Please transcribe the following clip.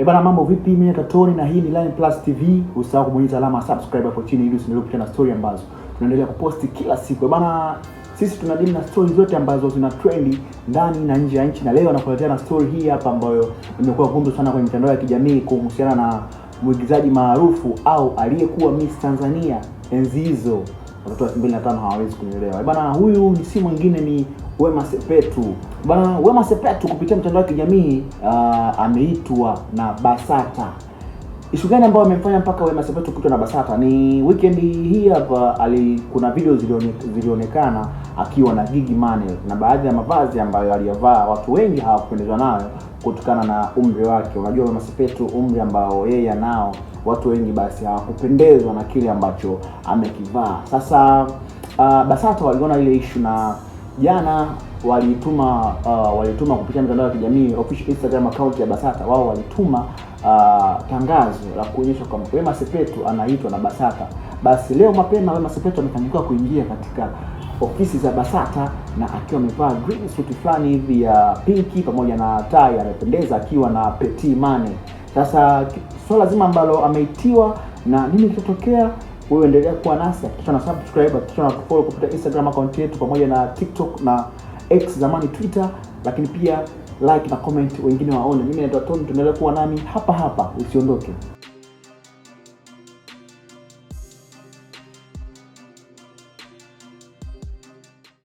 E bana, mambo vipi? Mimi Katoni na hii ni Line Plus TV. Usisahau kubonyeza alama subscribe hapo chini ili usiendelee kupitwa na story ambazo tunaendelea kuposti kila siku. E bana, sisi deal na story zote ambazo zina trendi ndani na nje ya nchi, na leo nakuletea na story hii hapa ambayo imekuwa gumzo sana kwenye mitandao ya kijamii kuhusiana na mwigizaji maarufu au aliyekuwa Miss Tanzania enzi hizo watoto wa 2005 hawawezi kunielewa. E bana, huyu ni si mwingine ni Wema Sepetu Bwana Wema Sepetu kupitia mtandao wa kijamii uh, ameitwa na Basata. Ishu gani ambayo amemfanya mpaka Wema Sepetu kuitwa na Basata? Ni weekend hii hapa ali kuna video zilionekana akiwa na Gigy Money na baadhi ya mavazi ambayo aliyavaa, watu wengi hawakupendezwa nayo kutokana na umri wake. Unajua Wema Sepetu umri ambao yeye anao, watu wengi basi hawakupendezwa na kile ambacho amekivaa. Sasa uh, Basata waliona ile ishu na jana walituma uh, walituma kupitia mitandao ya kijamii official Instagram account ya Basata, wao walituma uh, tangazo la kuonyesha kwamba Wema Sepetu anaitwa na Basata. Basi leo mapema Wema Sepetu amefanikiwa kuingia katika ofisi za Basata na akiwa amevaa green suit fulani hivi ya pinki pamoja na tai, anapendeza akiwa na peti mane. Sasa swala so zima ambalo ameitiwa na nini kitotokea wewe endelea kuwa nasi, hakikisha na subscribe, hakikisha na follow kupitia Instagram account yetu pamoja na TikTok na X zamani Twitter, lakini pia like na comment, wengine waone. Mimi naitwa Tony, tunaendelea kuwa nami hapa hapa, usiondoke.